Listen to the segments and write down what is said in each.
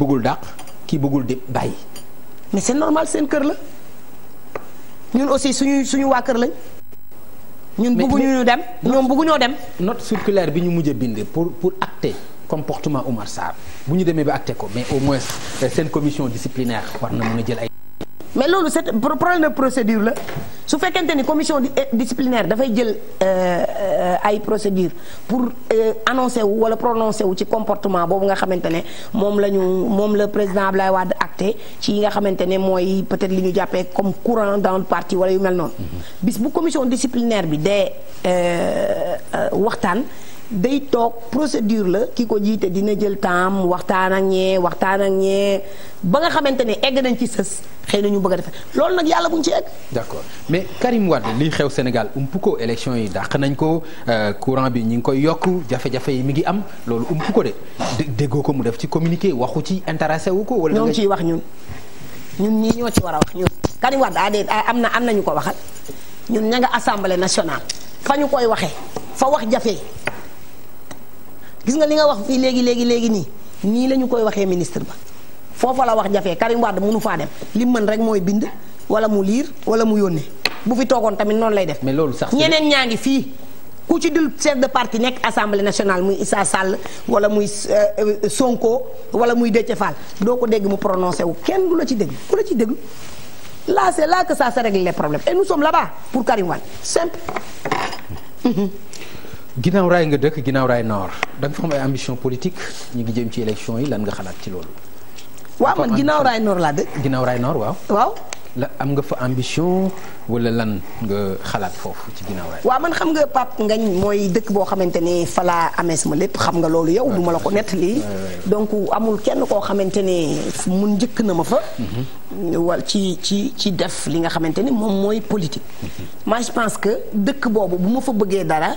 bëggul dàq kii bëggul di bàyyi mais c'est normal seen kër la ñun aussi suñu suñu waa kër lañ. ñun bëgguñu ñu dem ñoom bëgguñoo dem. note circulaire bi ñu mujj a bind pour pour comportement Oumar Sarr bu ñu demee ba acté ko mais au moins euh, seen commission disciplinaire war na mën a jël mais loolu c'est problème de procédure la su fekkente ni commission eh, disciplinaire dafay jël euh, euh, ay procédure pour euh, annoncer wu wala prononcer wu ci comportement boobu nga xamante ne moom la ñu moom la président lay waa acté ci yi nga xamante ne mooy peut-être li ñu jàppee comme courant dans le parti wala yu mel noonu mm-hmm. bis bu commission disciplinaire bi de waxtaan day toog procédure la ki ko jiite dina jël temps waxtaan ak ñee waxtaan ak ñee ba nga xamante ne egg nañ ci sës xëy na ñu bëgg a defe loolu nag yàlla buñ ci egg. d'accord mais Karim Wade liy xew Sénégal ump ko élection yi dàq nañ ko euh, courant bi ñu ngi koy yokk jafe-jafe yi mi ngi am loolu ump ko de déggoo ko mu def ci communiqué waxu ci intéressé wu ko. wala ñoo ngi ciy wax ñun ñun ñii ñoo ci war a wax ñun Karim Wade ah am na am nañu ko waxal ñun ña nga assemblée nationale fa ñu koy waxee fa jafe. gis nga li nga wax fii léegi léegi léegi nii nii lañu koy waxee ministre ba foofa la wax jafee Karim Wade mënu faa dem li mën rek mooy bind wala mu liir wala mu yónnee bu fi toogoon tamit noonu lay def. mais loolu sax ñeneen ñaa ngi fii. ku ci dul sedd de parti nekk assemblée nationale muy Issa Sall wala muy euh, euh, Sonko wala muy Déthié Fall doo ko dégg mu prononcé wu kenn du la ci dégg ku la ci dégg là c'est là que ça se règle problème problèmes et nous sommes là-bas pour Karim Wade simple. ginnaaw raay nga dëkk ginnaw raay noor da nga fa am ambition politique ñu ngi jëm ci élection yi lan nga xalaat ci loolu. waaw man ginnaaw raay noor laa dëkk. ginnaaw raay noor waaw. la am nga fa ambition wala lan nga xalaat foofu ci ginnaaw raay. waaw man xam nga Pape Ngañ mooy dëkk boo xamante ne fa laa amee suma lépp xam nga loolu yow du ma la ko nett nettali. donc amul kenn koo xamante ne mun njëkk na ma fa. Mhm. wal ci ci ci def li nga xamante ne moom mooy politique. Mhm. moi je pense que dëkk boobu ma fa bëggee dara.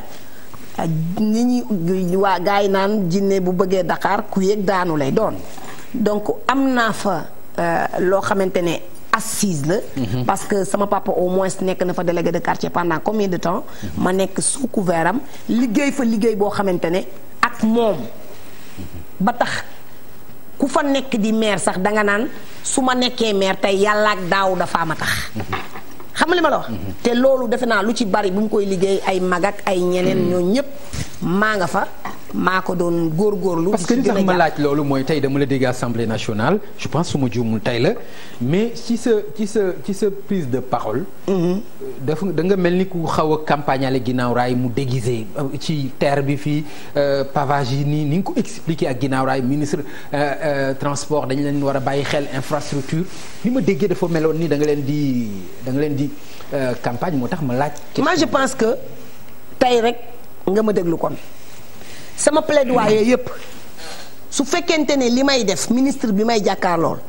ni ñuy waa gaay naan jinne bu bëggee Dakar ku yéeg daanu lay doon donc am naa fa euh, loo xamante ne assise la. Mhm. parce que sama papa au moins nekk na fa délégué de quartier pendant combien de temps. Mhm. ma nekk sous couvert am liggéey fa liggéey boo xamante ne ak moom ba tax. ku fa nekk di maire sax danga naan su ma nekkee maire tey yàlla ak daaw dafa ma tax. Mhm. xam nga li ma la wax. Mm-hmm. te loolu defe naa lu ci bari bu mu koy liggéey ay mag ay ñeneen mm-hmm. ñoo ñëpp. maa nga fa maa ko doon góor góorgóorlu. parce que li tax ma laaj loolu mooy tey dama la dégg assemblée nationale je pense su ma juumul tey la mais ci sa ci sa ci sa prise de parole. Mhm. dafa da nga mel ni ku xaw a campagne ale ginnaaw mu déguisé euh, ci terre bi fii euh, pavage yi nii ni nga ko expliqué ak ginnaaw raay ministre euh, transport dañ leen war a bàyyi xel infrastructure ni ma déggee dafa meloon nii danga leen di danga leen di campagne moo tax ma laaj. moi je pense que tey rek. nga ma déglu kon sama plaidoyer yépp su fekkente ne li may def ministre bi may jàkkaar lool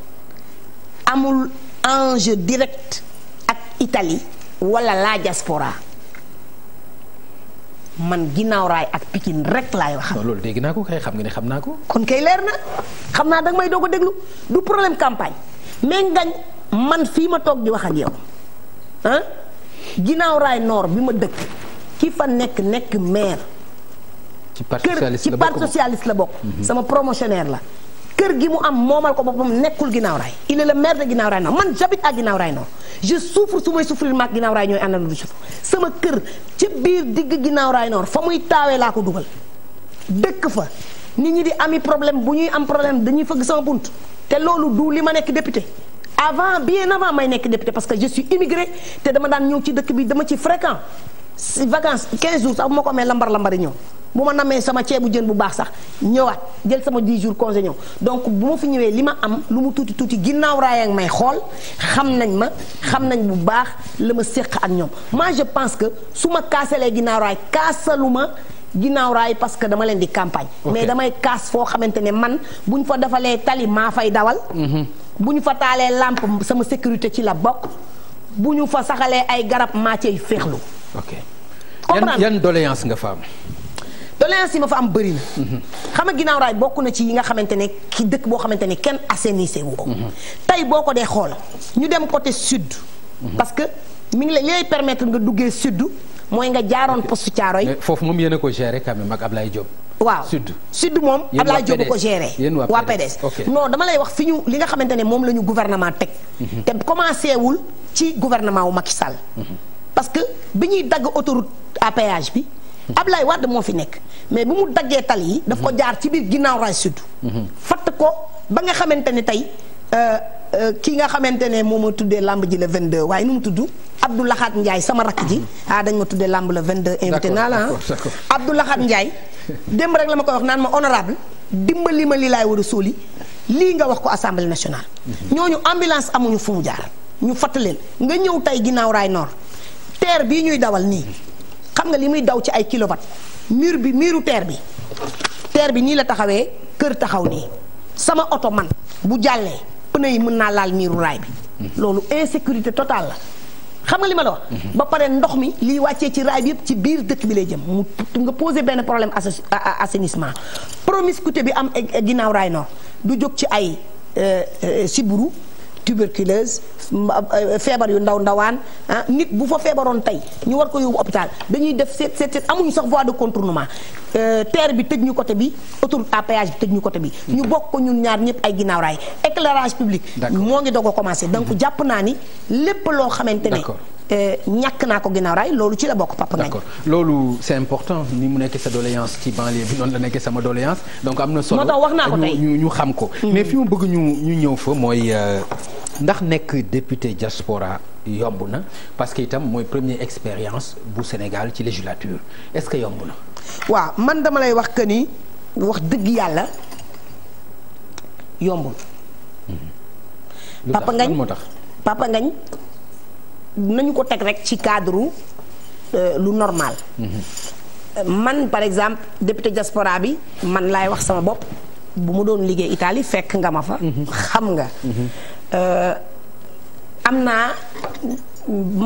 amul enjeu direct ak itali wala laa diaspora man ginnaaw raay ak Pikine rek laay wax. loolu dégg naa ko kay xam nga ne xam naa ko. kon kay leer na xam naa danga may doog a déglu du problème campagne mais ngañ man fii ma toog di wax ak yow ah ginnaaw noor bi ma dëkk ki fa nekk nekk maire. ci parti socialiste la bokk ci parti la bokk. sama promotionnaire la. kër gi mu am moomal ko boppam nekkul ginnaaw raay la est le maire de ginnaaw raay man j'habite à ginnaaw raay non su may souffrir maag ginnaaw sama kër ci biir digg ginnaaw raay noor fa muy taawee laa ko dugal dëkk fa nit ñi di ami problème bu ñuy am problème dañuy fëgg sama bunt te loolu du li ma nekk député avant bien avant may nekk député parce que je suis immigré te dama daan ñëw ci dëkk bi dama ci fréquent si vacances 15 jours sax bu ma ko amee lambar lambari ñëw bu ma namee sama ceebu jën bu baax sax ñëwaat jël sama 10 jours congé ñëw donc bu ma fi ñëwee li ma am lu mu tuuti tuuti ginnaaw raaya may xool xam nañ ma xam nañ bu baax la ma séq ak ñoom ma je pense que su ma kaasalee ginnaaw raay kaasalu ma ginnaaw raay parce que dama leen di campagne. mais damay kaas foo xamante ne man bu ñu fa defalee tali maa fay dawal. Mhm. bu ñu fa taalee làmp sama sécurité ci la bokk bu ñu fa saxalee ay garab maa féexlu. ok comprendre yan doléance nga fa am. doléance yi ma fa am bëri na. xam nga ginnaaw raay bokk na ci yi nga xamante ne ki dëkk boo xamante ne kenn assainissé wu mhm. tey boo ko dee xool ñu dem côté sud. Mhm. parce que mu ngi lay permettre nga duggee sud mooy nga jaaroon postu Caaroy. mais foofu moom yéen a ko géré quand même ak Ablaye Diop. waaw sud sud moom Abdoulaye Diop ko géré waa PDS non dama lay wax fi ñu li nga xamante ne moom la ñu gouvernement teg mhm. te commencé wul ci gouvernement wu Macky Sall parce que bi ñuy dagg autoroute à bi ab Ablaye Wade moo fi nekk mais bu mu daggee tali yi. daf ko mhm. jaar ci biir ginnaaw raay sud. Mhm. fatt ko ba nga xamante ne tey euh, euh, ki nga xamante ne moo ma tuddee lamb ji le 22 waaye nu mu tudd Abdou Lahat Ndiaye sama rakk ji ah dañ ma tuddee lamb le 22. invité naa la ah Abdou Ndiaye démb rek la ma koy wax naan ma honorable dimbali ma li laay war a lii nga wax ko assemblée national mhm. ñooñu ambulance amuñu fu jaar ñu fatt leen nga ñëw tey ginnaaw raay terre bii ñuy dawal nii xam nga li muy daw ci ay kilowatt mur bi muru terre bi terre bi nii la taxawee kër taxaw nii sama oto man bu jàllee pneu yi mën naa laal miiru raay bi loolu insécurité totale la xam nga li ma la wax. Mhm. ba pare ndox mi liy wàccee ci raay bi yëpp ci biir dëkk bi lay jëm mu nga posé benn problème assainissement promiscuité bi am e, e, ginnaaw raay nord du jóg ci ay euh, euh, siburu tuberculose feebar yu ndaw ndawaan ah nit bu fa feebaroon tey ñu war ko yóbbu hôpital dañuy def seet seet seet amuñu sax voie de contournement euh, terre bi tëj ñu côté bi autoroute à péage bi tëj ñu côté bi. ñu bokk ko ñun ñaar ñëpp ay ginnaaw raay éclairage public. moo ngi doog ko commencé donc mhm. jàpp naa ni lépp loo xamante ne. Euh, ñàkk naa ko ginnaaw loolu ci la bokk papa nañ. d'accord loolu c'est important ni mu nekk sa doléance ki banlieue bi noonu la nekkee sama doléance don am na solo moo tax xam ko. Mhm. bëgg ñu ñu ñëw fa mooy. Euh, ndax nekk député diaspora yomb na parce que itam mooy première expérience bu Sénégal ci législature est-ce que yomb na. waaw man dama lay wax que ni wax dëgg yàlla yomb na ngañ moo tax papa ngañ nañu ko teg rek ci cadre euh, lu normal. Mhm. man par exemple député diaspora bi man laay wax sama bopp bu mu doon liggéey Italie fekk nga ma fa. Mhm. xam nga. Mhm. Euh, am naa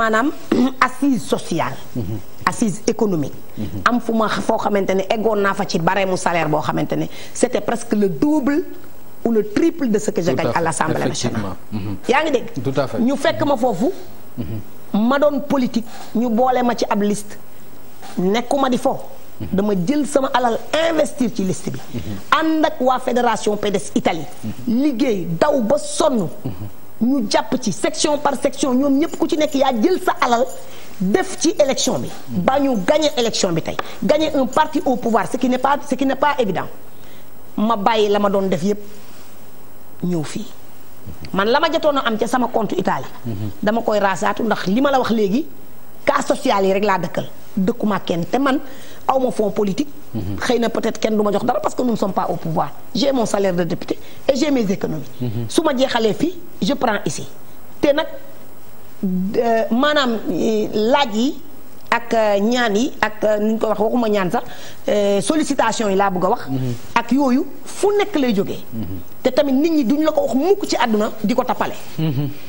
maanaam assise sociale. Mhm. assise économique. Mhm. am fu ma foo xamante ne egoon naa fa ci barème mu salaire boo xamante ne c'était presque le double. ou le triple de ce que je gagne à l'Assemblée nationale. Mhm. yaa ngi dégg. tout à fait ñu fekk ma foofu. ma doon politique ñu boole ma ci ab liste nekkuma di fo. dama jël sama alal investir ci liste bi. ànd ak waa fédération PDS Italie. liggéey daw ba sonn. ñu jàpp ci section par section ñoom ñëpp ku ci nekk yaa jël sa alal def ci élection bi. ba ñu gagné élection bi tey gagné un parti au pouvoir ce qui n'est pas ce qui n'est évident ma bàyyi la ma doon def yépp ñëw fii. man la ma jotoon a am ca sama compte Italie. dama koy raasaatu ndax li ma la wax léegi cas social yi rek laa dëkkal dëkkuma te man. aw ma fond politique. Mhm. xëy na peut-être kenn du ma jox dara parce que nous ne sommes pas au pouvoir j'ai mon salaire de député et j'ai mes économies. Mhm. su ma jeexalee fii je prends ici. te nag maanaam eh, laaj yi ak euh, ñaan yi ak euh, ni ñu ko wax waxuma ñaan sax euh, sollicitation yi laa bëgg a wax. Mhm. ak yooyu fu nekk lay jógee. te tamit nit ñi duñ la ko wax mukk ci àdduna di ko tappale.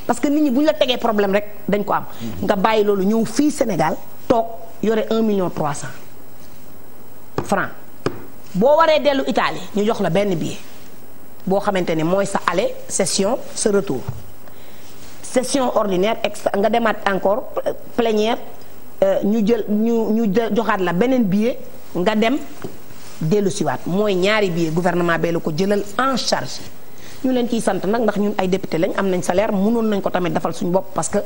parce que nit ñi bu ñu la tegee problème rek dañ ko am. nga bàyyi loolu ñëw fii Sénégal toog yore un million trois cent. franc boo waree dellu Italie ñu jox la benn billet boo xamante ne mooy sa ale session sa retour session ordinaire extra nga demaat encore euh, plénière euh, ñu jël ñu ñu joxaat la beneen billet nga dem dellu siwaat mooy ñaari billet gouvernement bee la ko jëlal en charge ñu leen ciy sant nag ndax ñun ay député lañ am nañ salaire mënoon nañ ko tamit defal suñu bopp parce que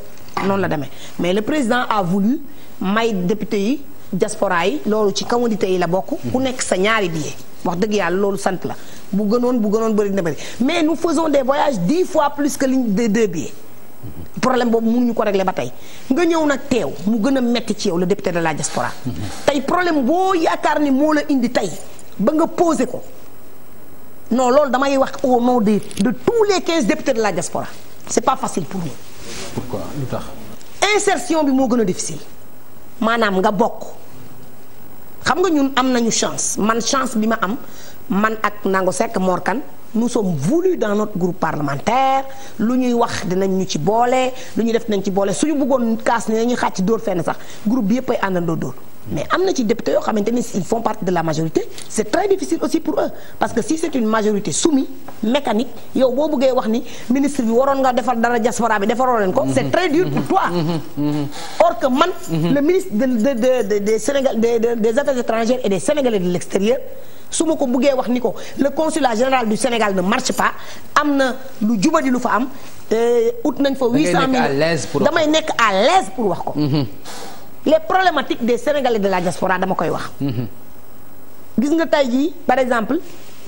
noonu la demee mais le président a voulu may député yi diaspora yi loolu ci commodité yi la bokk ku nekk sa ñaari billet wax dëgg yàlla loolu sant la bu gënoon bu gënoon bëri na bëri mais nu faisons des voyages dix fois plus que ligne de deux billets problème boobu mun ñu ko regle ba tey nga ñëw nag teew mu gën a metti ci yow le député de la diaspora tey problème boo yaakaar ni moo la indi tey ba nga posé ko non loolu damay wax au nom de de tous les quinze députés de la diaspora c'est pas facile pour nous. pourquoi lu tax. bi moo gën a difficile maanaam nga bokk. xam nga ñun am nañu chance man chance bi ma am man ak Nango Seck Mor Kane nous sommes voulus dans notre groupe parlementaire lu ñuy wax dinañ ñu ci boole lu ñu def dinañ ci boole suñu bëggoon kaas ne dañuy xàcc dóor fenn sax groupe bi yëpp ay àndandoo dóor mais am na ci député yoo xamante ne ils font partie de la majorité c'est très difficile aussi pour eux parce que si c'est une majorité soumise mécanique yow boo bëggee wax ni ministre bi waroon nga defar dara diaspora bi defaroo leen ko mhm. c'est très dur pour toi mhm. Mhm. or que man le ministre de de de des Sénégal des affaires étrangères et des Sénégalais de l'extérieur su ma ko buggee wax ni ko le consulat général du Sénégal de marche pas am na lu jubadi lu fa am ut nañ fa huit cent mille damay nekk à l'aise pour wax ko les problématiques des Sénégalais de la diaspora dama koy wax. Mm-hmm. gis nga tey ji par exemple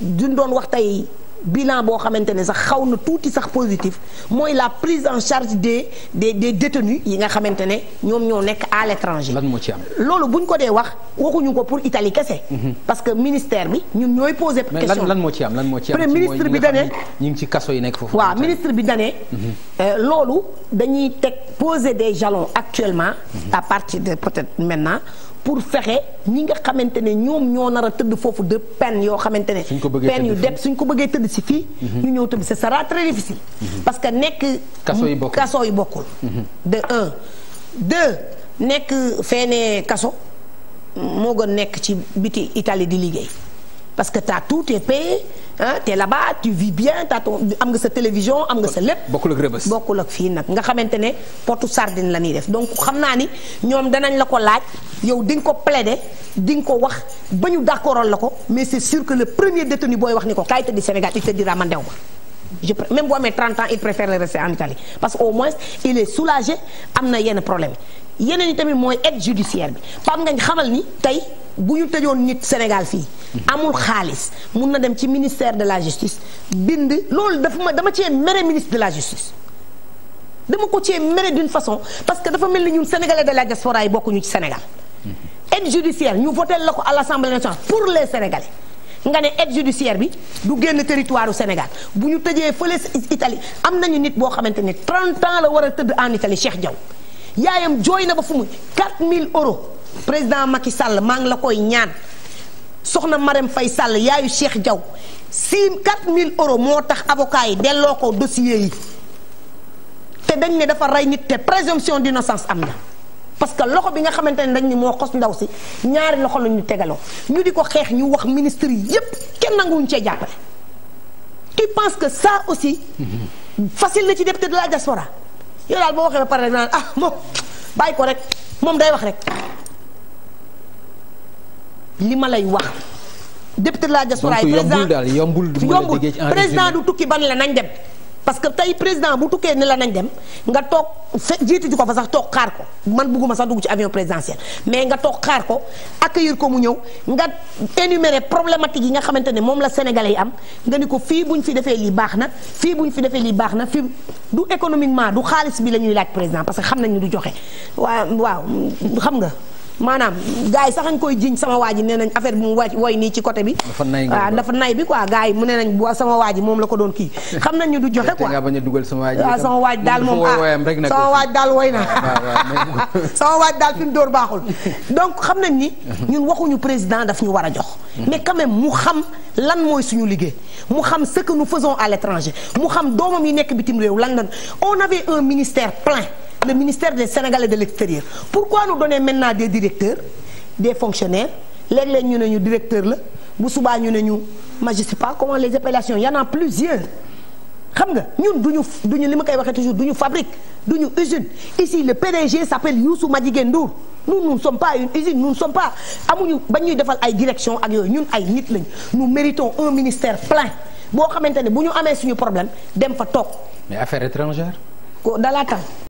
du doon wax tey bilan boo xamante ne sax xaw na tuuti sax positif mooy la prise en charge des des des détenus yi nga xamante ne ñoom ñoo nekk à l'étranger. lan moo ci am loolu buñ ko dee wax waxuñu ko pour Italie kese. Mhm. parce que ministère bi ñun ñooy poser. question mais lan moo ci am lan moo ci am. premier ministre bi dane ñi ngi ci kaso yi nekk foofu. waaw ministre bi dane mhm. euh, loolu dañuy teg poser des jalons actuellement. Mhm. à partir de peut-être maintenant. pour fexe ñi nga xamante ne ñoom ñoo nar a tëdd foofu de peine yoo xamante ne. peine yu dep suñ ko bëggee tëdd si fii. Mhm. ñu ñëw tëdd ce sera très difficile. Mhm. parce que nekk. kaso yi bokkul kaso yi bokkul. Mhm. de un deux nekk feene kaso moo gën nekk ci biti Italie di liggéey parce que t'as tout est ah te là-bas tu vis bien t'as am nga sa télévision am nga sa lépp. bokkul ak rëbës bokkul ak fii nag nga xamante ne portu sardine la ñuy def donc xam naa ni ñoom danañ la ko laaj yow di nga ko plaider di nga ko wax ba ñu d'accordal la ko mais c'est sûr que le premier détenu booy wax ni ko kaay tëddi Sénégal il te dira man dew ma. je même boo amee 30 ans il préfère rester en Italie parce que au moins il est soulagé am na yenn problème yeneen yi tamit tey. bu ñu tëjoon nit Sénégal fii. amul xaalis mun na dem ci ministère de la justice bind. loolu dafa ma dama cee mere ministre de la justice dama ko cee mere d'une façon parce que dafa mel ni ñun sénégalais de la diaspora yi bokkuñu ci Sénégal. Mm-hmm. aide judiciaire ñu voté la ko à l'Assemblée nationale pour les sénégalais. nga ne aide judiciaire bi du génn territoire Sénégal bu ñu tëjee fële Italie am nañu nit boo xamante ni 30 ans la war a tëdd en Italie Cheikh Diaw yaayam jooy na ba fu mu 4000 euros. président Macky Sall maa ngi la koy ñaan soxna Marème fay sàll yaayu Cheikh Diaw si mille euros moo tax avocat yi delloo ko dossier yi te dañ ne dafa rey nit te présomption d'innocence am na. parce que loxo bi nga xamante ne dañ ni moo xos ndaw si ñaari loxo la ñu tegaloo ñu di ko xeex ñu wax ministre yépp kenn nanguwuñ cee jàppale. tu penses que sa aussi. facile na ci député de la diaspora daal boo waxee ba pare rek naan ah moom bàyyi ko rek moom day wax rek. li ma lay wax. député de la diaspora yi président daal yombul yombul président du tukki ban la nañ dem. parce que tey président bu tukkee ne la nañ dem nga toog fe jiitu ji ko fa sax toog xaar ko man bëgguma sax dugg ci avion présidentiel mais nga toog xaar ko ak accueillir ko mu ñëw nga énumérer problématique yi nga xamante ne moom la sénégalais yi am nga ni ko fii bu ñu fi defee lii baax na fii bu ñu fi defee lii baax na fi du économiquement du xaalis bi la ñuy laaj président que xam nañ du joxe waaw waaw xam nga. maanaam gars yi sax nga koy jiñ sama waa ji nee nañ affaire bi mu woy nii ci côté bi. dafa nay waaw ah, bi ko gars yi mu nee nañ sama waa ji moom la ko doon kii. xam nañ ñu du joxe quoi sama waaj ah, daal moom ah sama waaj daal woy na sama waaj daal fi mu dóor baaxul donc xam nañ ni ñun waxuñu président daf ñu war a jox hmm. mais quand même mu xam lan mooy suñu liggéey mu xam ce que nous faisons à l'étranger mu xam doomam yi nekk bitim réew lan lan on avait un ministère plein le ministère des Sénégalais de l'extérieur pourquoi nous donner maintenant des directeurs des fonctionnaires léeg-léeg ñu ne ñu directeur la bu subaa ñu ne ñu ma je sais pas comment les appellations y plusieurs xam nga ñun du ñu li ma koy waxee toujours duñu fabrique duñu usine ici le PDG s'appelle Youssou Madjiguène Ndour nous nous ne sommes pas une usine nous ne sommes pas amuñu ba ñuy defal ay direction ak yooyu ñun ay nit lañ nous méritons un ministère plein boo xamante ne bu ñu amee suñu problème dem fa toog. mais affaires étrangères. ko dalaatal.